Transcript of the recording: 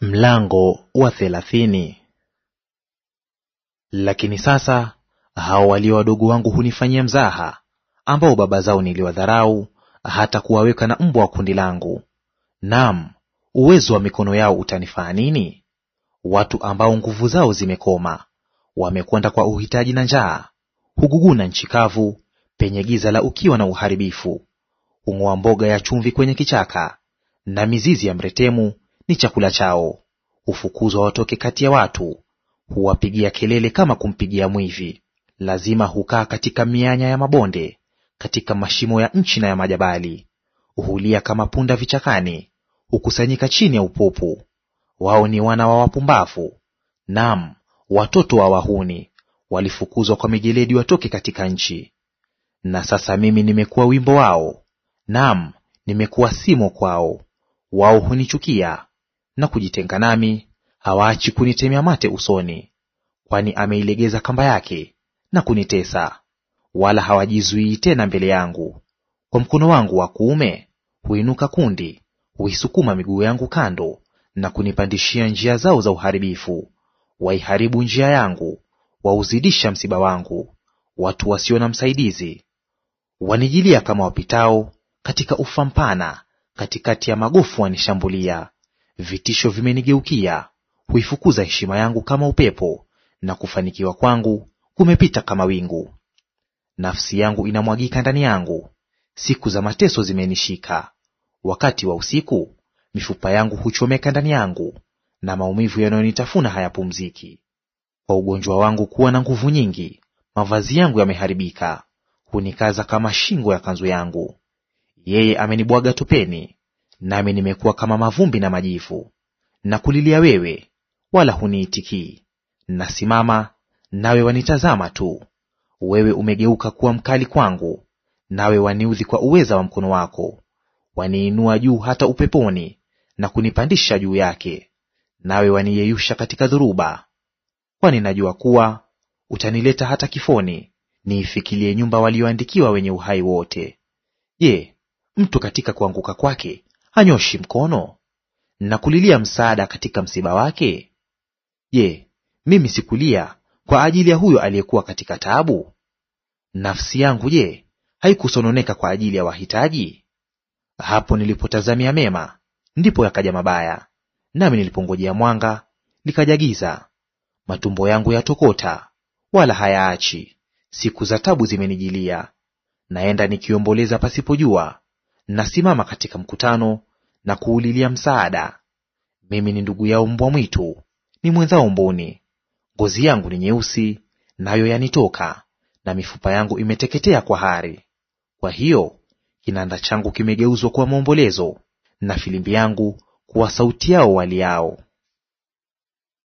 Mlango wa thelathini. Lakini sasa hao walio wadogo wangu hunifanyia mzaha, ambao baba zao niliwadharau hata kuwaweka na mbwa wa kundi langu. Naam, uwezo wa mikono yao utanifaa nini? Watu ambao nguvu zao zimekoma, wamekwenda kwa uhitaji na njaa, huguguna nchi kavu penye giza la ukiwa na uharibifu, hung'oa mboga ya chumvi kwenye kichaka, na mizizi ya mretemu ni chakula chao. Hufukuzwa watoke kati ya watu, huwapigia kelele kama kumpigia mwivi. Lazima hukaa katika mianya ya mabonde, katika mashimo ya nchi na ya majabali. Hulia kama punda vichakani, hukusanyika chini ya upupu. Wao ni wana wa wapumbavu, nam watoto wa wahuni; walifukuzwa kwa mijeledi watoke katika nchi. Na sasa mimi nimekuwa wimbo wao, nam nimekuwa simo kwao. Wao hunichukia na kujitenga nami, hawaachi kunitemea mate usoni, kwani ameilegeza kamba yake na kunitesa, wala hawajizuii tena mbele yangu. Kwa mkono wangu wa kuume huinuka kundi, huisukuma miguu yangu kando, na kunipandishia njia zao za uharibifu. Waiharibu njia yangu, wauzidisha msiba wangu, watu wasio na msaidizi. Wanijilia kama wapitao katika ufa mpana, katikati ya magofu wanishambulia. Vitisho vimenigeukia, huifukuza heshima yangu kama upepo, na kufanikiwa kwangu kumepita kama wingu. Nafsi yangu inamwagika ndani yangu, siku za mateso zimenishika. Wakati wa usiku mifupa yangu huchomeka ndani yangu, na maumivu yanayonitafuna hayapumziki. Kwa ugonjwa wangu kuwa na nguvu nyingi, mavazi yangu yameharibika, hunikaza kama shingo ya kanzu yangu. Yeye amenibwaga topeni, nami nimekuwa kama mavumbi na majivu. Na kulilia wewe, wala huniitikii; nasimama, nawe wanitazama tu. Wewe umegeuka kuwa mkali kwangu, nawe waniudhi kwa uweza wa mkono wako. Waniinua juu hata upeponi, na kunipandisha juu yake, nawe waniyeyusha katika dhoruba. Kwani najua kuwa utanileta hata kifoni, niifikilie nyumba walioandikiwa wenye uhai wote. Je, mtu katika kuanguka kwake hanyoshi mkono na kulilia msaada katika msiba wake? Je, mimi sikulia kwa ajili ya huyo aliyekuwa katika taabu? Nafsi yangu je, haikusononeka kwa ajili ya wahitaji? Hapo nilipotazamia mema, ndipo yakaja mabaya, nami nilipongojea mwanga, likaja giza. Matumbo yangu yatokota, wala hayaachi; siku za tabu zimenijilia. Naenda nikiomboleza pasipojua, nasimama katika mkutano na kuulilia msaada. Mimi ni ndugu yao mbwa mwitu, ni mwenzao mbuni. Ngozi yangu ni nyeusi, nayo yanitoka, na mifupa yangu imeteketea kwa hari. Kwa hiyo kinanda changu kimegeuzwa kuwa maombolezo, na filimbi yangu kuwa sauti yao waliao.